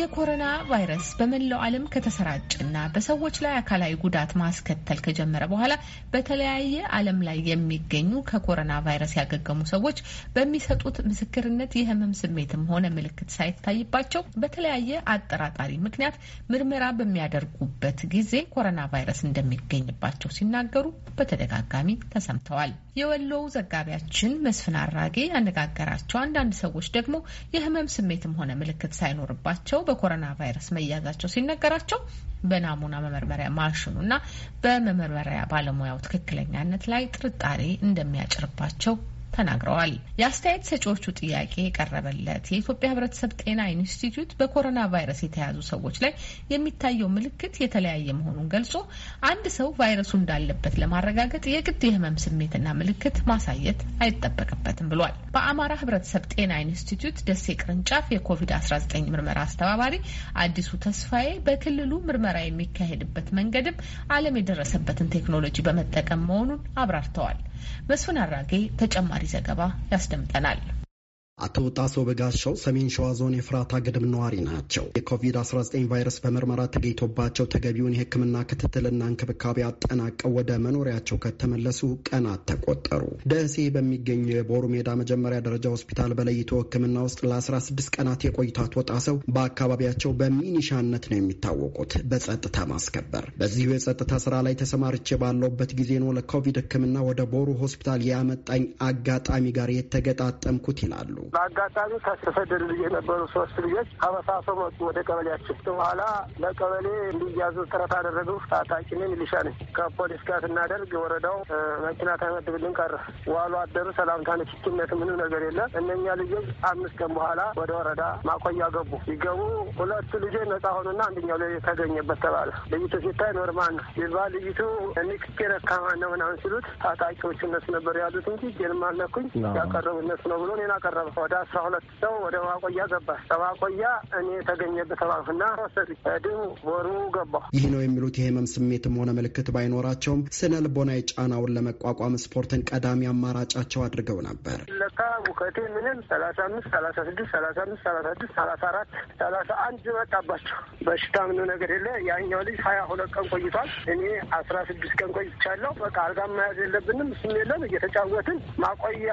የኮሮና ቫይረስ በመላው ዓለም ከተሰራጨና በሰዎች ላይ አካላዊ ጉዳት ማስከተል ከጀመረ በኋላ በተለያየ ዓለም ላይ የሚገኙ ከኮሮና ቫይረስ ያገገሙ ሰዎች በሚሰጡት ምስክርነት የሕመም ስሜትም ሆነ ምልክት ሳይታይባቸው በተለያየ አጠራጣሪ ምክንያት ምርመራ በሚያደርጉበት ጊዜ ኮሮና ቫይረስ እንደሚገኝባቸው ሲናገሩ በተደጋጋሚ ተሰምተዋል። የወሎው ዘጋቢያችን መስፍን አራጌ ያነጋገራቸው አንዳንድ ሰዎች ደግሞ የሕመም ስሜትም ሆነ ምልክት ሳይኖርባቸው በኮሮና ቫይረስ መያዛቸው ሲነገራቸው በናሙና መመርመሪያ ማሽኑ እና በመመርመሪያ ባለሙያው ትክክለኛነት ላይ ጥርጣሬ እንደሚያጭርባቸው ተናግረዋል። የአስተያየት ሰጪዎቹ ጥያቄ የቀረበለት የኢትዮጵያ ሕብረተሰብ ጤና ኢንስቲትዩት በኮሮና ቫይረስ የተያዙ ሰዎች ላይ የሚታየው ምልክት የተለያየ መሆኑን ገልጾ አንድ ሰው ቫይረሱ እንዳለበት ለማረጋገጥ የግድ የህመም ስሜትና ምልክት ማሳየት አይጠበቅበትም ብሏል። በአማራ ሕብረተሰብ ጤና ኢንስቲትዩት ደሴ ቅርንጫፍ የኮቪድ-19 ምርመራ አስተባባሪ አዲሱ ተስፋዬ በክልሉ ምርመራ የሚካሄድበት መንገድም ዓለም የደረሰበትን ቴክኖሎጂ በመጠቀም መሆኑን አብራርተዋል። መስፍን አራጌ ተጨማሪ ተጨማሪ ዘገባ ያስደምጠናል። አቶ ጣሶ በጋሻው ሰሜን ሸዋ ዞን የፍራታ ግድም ነዋሪ ናቸው። የኮቪድ-19 ቫይረስ በምርመራ ተገኝቶባቸው ተገቢውን የሕክምና ክትትልና እንክብካቤ አጠናቀው ወደ መኖሪያቸው ከተመለሱ ቀናት ተቆጠሩ። ደሴ በሚገኘው የቦሩ ሜዳ መጀመሪያ ደረጃ ሆስፒታል በለይቶ ሕክምና ውስጥ ለ16 ቀናት የቆዩት አቶ ጣሰው በአካባቢያቸው በሚኒሻነት ነው የሚታወቁት፣ በጸጥታ ማስከበር። በዚሁ የጸጥታ ስራ ላይ ተሰማርቼ ባለውበት ጊዜ ነው ለኮቪድ ሕክምና ወደ ቦሩ ሆስፒታል ያመጣኝ አጋጣሚ ጋር የተገጣጠምኩት ይላሉ። በአጋጣሚ ከተሰደዱ የነበሩ ሶስት ልጆች ከመሳሰው መጡ ወደ ቀበሌያችን። በኋላ ለቀበሌ እንዲያዙ ጥረት አደረገው። ታጣቂን ሚሊሻ ነኝ ከፖሊስ ጋር ስናደርግ ወረዳው መኪና ታይመድብልን ቀረ። ዋሉ አደሩ ሰላምታ ንችኪነት ምንም ነገር የለም። እነኛ ልጆች አምስት ቀን በኋላ ወደ ወረዳ ማቆያ ገቡ። ሲገቡ ሁለቱ ልጆች ነጻ ሆኑና አንደኛው ላይ ተገኘበት ተባለ። ልጅቱ ሲታይ ኖርማል ነው ይልባ ልጅቱ ኒክቴ ረካማ ነው ምናምን ሲሉት ታጣቂዎች እነሱ ነበር ያሉት እንጂ ጀልማ አልነኩኝ ያቀረቡ እነሱ ነው ብሎ እኔን አቀረበ። ወደ አስራ ሁለት ሰው ወደ ማቆያ ገባ። ከማቆያ እኔ የተገኘበት ባፍና ወሰዱ ድም ወሩ ገባ። ይህ ነው የሚሉት የህመም ስሜትም ሆነ ምልክት ባይኖራቸውም ስነ ልቦናዊ ጫናውን ለመቋቋም ስፖርትን ቀዳሚ አማራጫቸው አድርገው ነበር። ለካ ሙከቴ ምንም ሰላሳ አምስት ሰላሳ ስድስት ሰላሳ አምስት ሰላሳ ስድስት ሰላሳ አራት ሰላሳ አንድ መጣባቸው በሽታ ምንም ነገር የለ። ያኛው ልጅ ሀያ ሁለት ቀን ቆይቷል። እኔ አስራ ስድስት ቀን ቆይቻለሁ። በቃ አልጋ መያዝ የለብንም ስም የለም እየተጫወትን ማቆያ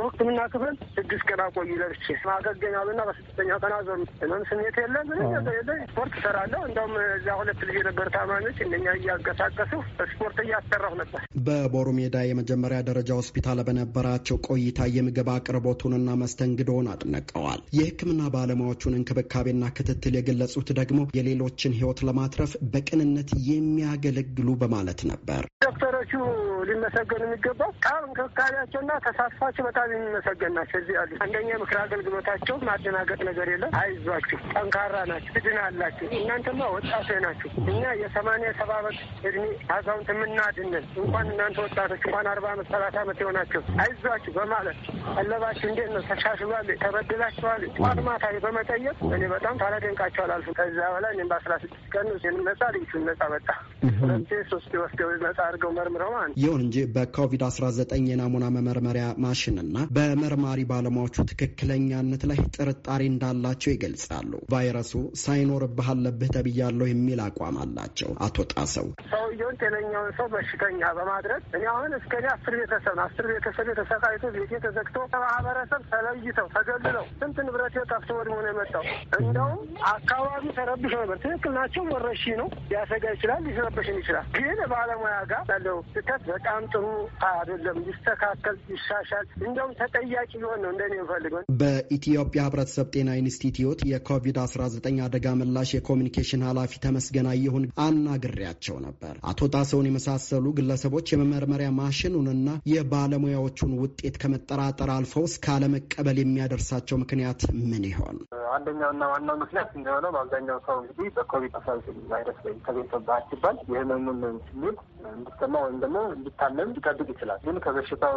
ህክምና ክፍል ስድስት ጤና ቆይ ለብቼ ማገገኛሉ ና በስድስተኛ ቀን አዞር ህመም ስሜት የለ ምንም ስፖርት እሰራለሁ። እንደውም እዚያ ሁለት ልጅ የነበር ታማኞች እነኛ እያንቀሳቀሱ ስፖርት እያሰራሁ ነበር። በቦሩ ሜዳ የመጀመሪያ ደረጃ ሆስፒታል በነበራቸው ቆይታ የምግብ አቅርቦቱንና መስተንግዶውን አድነቀዋል። የህክምና ባለሙያዎቹን እንክብካቤና ክትትል የገለጹት ደግሞ የሌሎችን ህይወት ለማትረፍ በቅንነት የሚያገለግሉ በማለት ነበር። ዶክተሮቹ ሊመሰገኑ የሚገባው ቃል እንክብካቤያቸውና ተሳትፏቸው በጣም የሚመሰገን ናቸው። እዚህ ያሉ አንደኛ የምክር አገልግሎታቸው ማደናገጥ ነገር የለም። አይዟችሁ፣ ጠንካራ ናችሁ፣ ትድናላችሁ። እናንተማ ወጣቶች ናችሁ። እኛ የሰማንያ ሰባ ዓመት እድሜ አዛውንት የምናድንን እንኳን እናንተ ወጣቶች እንኳን አርባ አመት ሰላሳ አመት የሆናቸው አይዟችሁ በማለት ቀለባችሁ እንዴት ነው ተሻሽሏል፣ ተበድላችኋል፣ ጠዋት ማታ በመጠየቅ እኔ በጣም ታላደንቃቸው አላልፍም። ከዛ በላይ እኔም በአስራ ስድስት ቀን ነጻ ልዩ ነጻ መጣ ሁለቴ ሶስት ወስደው ነጻ አድርገው መርምረው ማለት ይሁን እንጂ በኮቪድ አስራ ዘጠኝ የናሙና መመርመሪያ ማሽንና በመርማሪ ባለሙያ መረጃዎቹ ትክክለኛነት ላይ ጥርጣሬ እንዳላቸው ይገልጻሉ። ቫይረሱ ሳይኖርብህ አለብህ ተብያለሁ የሚል አቋም አላቸው። አቶ ጣሰው ሰውየውን ጤነኛውን ሰው በሽተኛ በማድረግ እኔ አሁን እስከ እኔ አስር ቤተሰብ ነው አስር ቤተሰብ የተሰቃይቶ ቤቴ ተዘግቶ ከማህበረሰብ ተለይተው ተገልለው ስንት ንብረት ጠፍቶ ወድሞ ነው የመጣው። እንደውም አካባቢ ተረብሾ ነበር። ትክክል ናቸው። ወረሺ ነው ሊያሰጋ ይችላል፣ ሊሰረብሽን ይችላል። ግን ባለሙያ ጋር ያለው ስህተት በጣም ጥሩ አይደለም። ይስተካከል፣ ይሻሻል። እንደውም ተጠያቂ ቢሆን ነው እንደ የምፈልገው። በኢትዮጵያ ህብረተሰብ ጤና ኢንስቲትዩት የኮቪድ-19 አደጋ ምላሽ የኮሚኒኬሽን ኃላፊ ተመስገን አየሁን አናግሬያቸው ነበር። አቶ ጣሰውን የመሳሰሉ ግለሰቦች የመመርመሪያ ማሽኑንና የባለሙያዎቹን ውጤት ከመጠራጠር አልፈው እስካለመቀበል የሚያደርሳቸው ምክንያት ምን ይሆን? አንደኛውና ዋናው ምክንያት እንደሆነው በአብዛኛው ሰው እንግዲህ በኮቪድ አስራ ዘጠኝ ቫይረስ ላይ ተገኝቶብሃል ሲባል የህመሙን ስሜት እንዲሰማ ወይም ደግሞ እንዲታመም ሊጠብቅ ይችላል። ግን ከበሽታው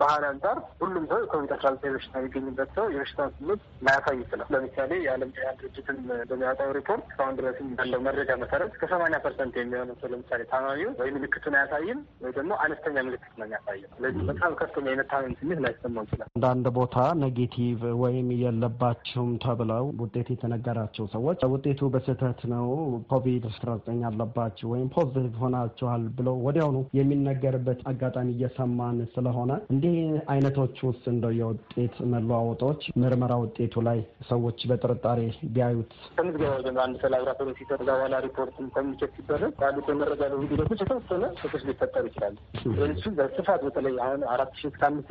ባህል አንጻር ሁሉም ሰው የኮቪድ አስራ ዘጠኝ በሽታ የሚገኝበት ሰው የበሽታውን ስሜት ላያሳይ ይችላል። ለምሳሌ የዓለም ጤና ድርጅትም በሚያወጣው ሪፖርት እስካሁን ድረስም ባለው መረጃ መሰረት ከሰማኒያ ፐርሰንት የሚሆነው ሰው ለምሳሌ ታማሚው ወይ ምልክቱን አያሳይም ወይ ደግሞ አነስተኛ ምልክት ነው የሚያሳየው። ስለዚህ በጣም ከፍተኛ የመታመም ስሜት ላይሰማው ይችላል። አንዳንድ ቦታ ኔጌቲቭ ወይም የለባችሁም ተብለው ብለው ውጤት የተነገራቸው ሰዎች ውጤቱ በስህተት ነው፣ ኮቪድ አስራ ዘጠኝ አለባችሁ ወይም ፖዚቲቭ ሆናችኋል ብለው ወዲያውኑ የሚነገርበት አጋጣሚ እየሰማን ስለሆነ እንዲህ አይነቶች ውስጥ እንደው የውጤት መለዋወጦች ምርመራ ውጤቱ ላይ ሰዎች በጥርጣሬ ቢያዩት ከምዝገባ ወደ አንድ ሰው ላብራቶሪ ሲሰጥ በኋላ ሪፖርት ኮሚኒኬት ሲደረግ ባሉት የመረጃ ሂደቶች የተወሰነ ሰቶች ሊፈጠሩ ይችላል። እሱ በስፋት በተለይ አሁን አራት እስከ አምስት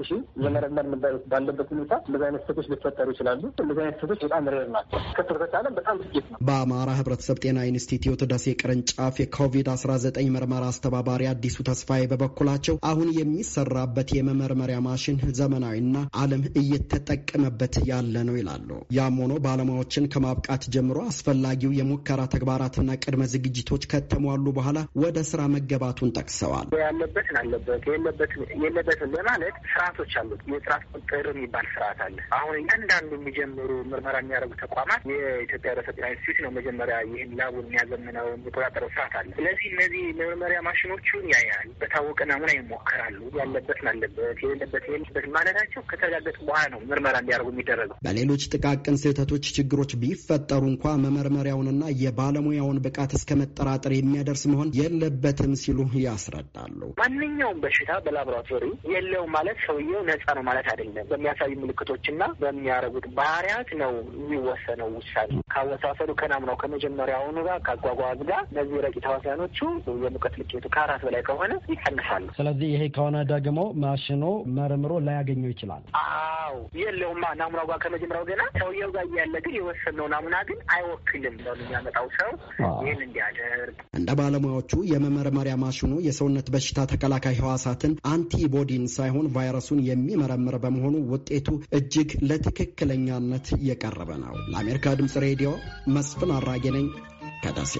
ባለበት ሁኔታ እንደዚህ አይነት ሊፈጠሩ ይችላሉ። እንደዚህ አይነት ስቶች በጣም ናቸው። ከተቻለ በጣም ጥቂት ነው። በአማራ ህብረተሰብ ጤና ኢንስቲትዩት ደሴ ቅርንጫፍ የኮቪድ አስራ ዘጠኝ ምርመራ አስተባባሪ አዲሱ ተስፋዬ በበኩላቸው አሁን የሚሰራበት የመመርመሪያ ማሽን ዘመናዊና ዓለም እየተጠቀመበት ያለ ነው ይላሉ። ያም ሆኖ ባለሙያዎችን ከማብቃት ጀምሮ አስፈላጊው የሙከራ ተግባራትና ቅድመ ዝግጅቶች ከተሟሉ በኋላ ወደ ስራ መገባቱን ጠቅሰዋል። ያለበትን አለበት የለበትን በማለት ስርዓቶች አሉት። የስርዓት ቁጥር የሚባል ስርዓት አለ። አሁን እያንዳንዱ የሚጀምሩ ምርመራ የሚያደርጉ ተቋማት የኢትዮጵያ ርዕሰ ጤና ኢንስቲትዩት ነው መጀመሪያ ይህን ላቡን የሚያዘምነው የሚቆጣጠረው ስርዓት አለ። ስለዚህ እነዚህ መመሪያ ማሽኖቹን ያያል። በታወቀ ናሙና ይሞከራሉ። ያለበትን አለበት፣ የሌለበት የሌለበት ማለታቸው ከተረጋገጡ በኋላ ነው ምርመራ እንዲያደርጉ የሚደረገው። በሌሎች ጥቃቅን ስህተቶች ችግሮች ቢፈጠሩ እንኳ መመርመሪያውንና የባለሙያውን ብቃት እስከ መጠራጠር የሚያደርስ መሆን የለበትም ሲሉ ያስረዳሉ። ማንኛውም በሽታ በላቦራቶሪ የለውም ማለት ሰውየው ነጻ ነው ማለት አይደለም። በሚያሳዩ ምልክቶችና በሚያደርጉት ባህሪያት ነው የሚወሰነው ውሳኔ ካወሳሰዱ ከናሙናው ከመጀመሪያውኑ ጋር ከአጓጓዝ ጋር እነዚህ ረቂቅ ተዋሲያኖቹ የሙቀት ልኬቱ ከአራት በላይ ከሆነ ይቀንሳሉ። ስለዚህ ይሄ ከሆነ ደግሞ ማሽኖ መርምሮ ላያገኘው ይችላል። አዎ የለውማ ናሙናው ጋር ከመጀመሪያው ገና ሰውየው ጋር እያለ ግን የወሰነው ናሙና ግን አይወክልም ነው የሚያመጣው ሰው ይህን እንዲያደርግ እንደ ባለሙያዎቹ የመመርመሪያ ማሽኑ የሰውነት በሽታ ተከላካይ ህዋሳትን አንቲቦዲን ሳይሆን ቫይረሱን የሚመረምር በመሆኑ ውጤቱ እጅግ ለትክክለኛነት የቀረበ ነው። ነው። ለአሜሪካ ድምፅ ሬዲዮ መስፍን አራጌ ነኝ ከደሴ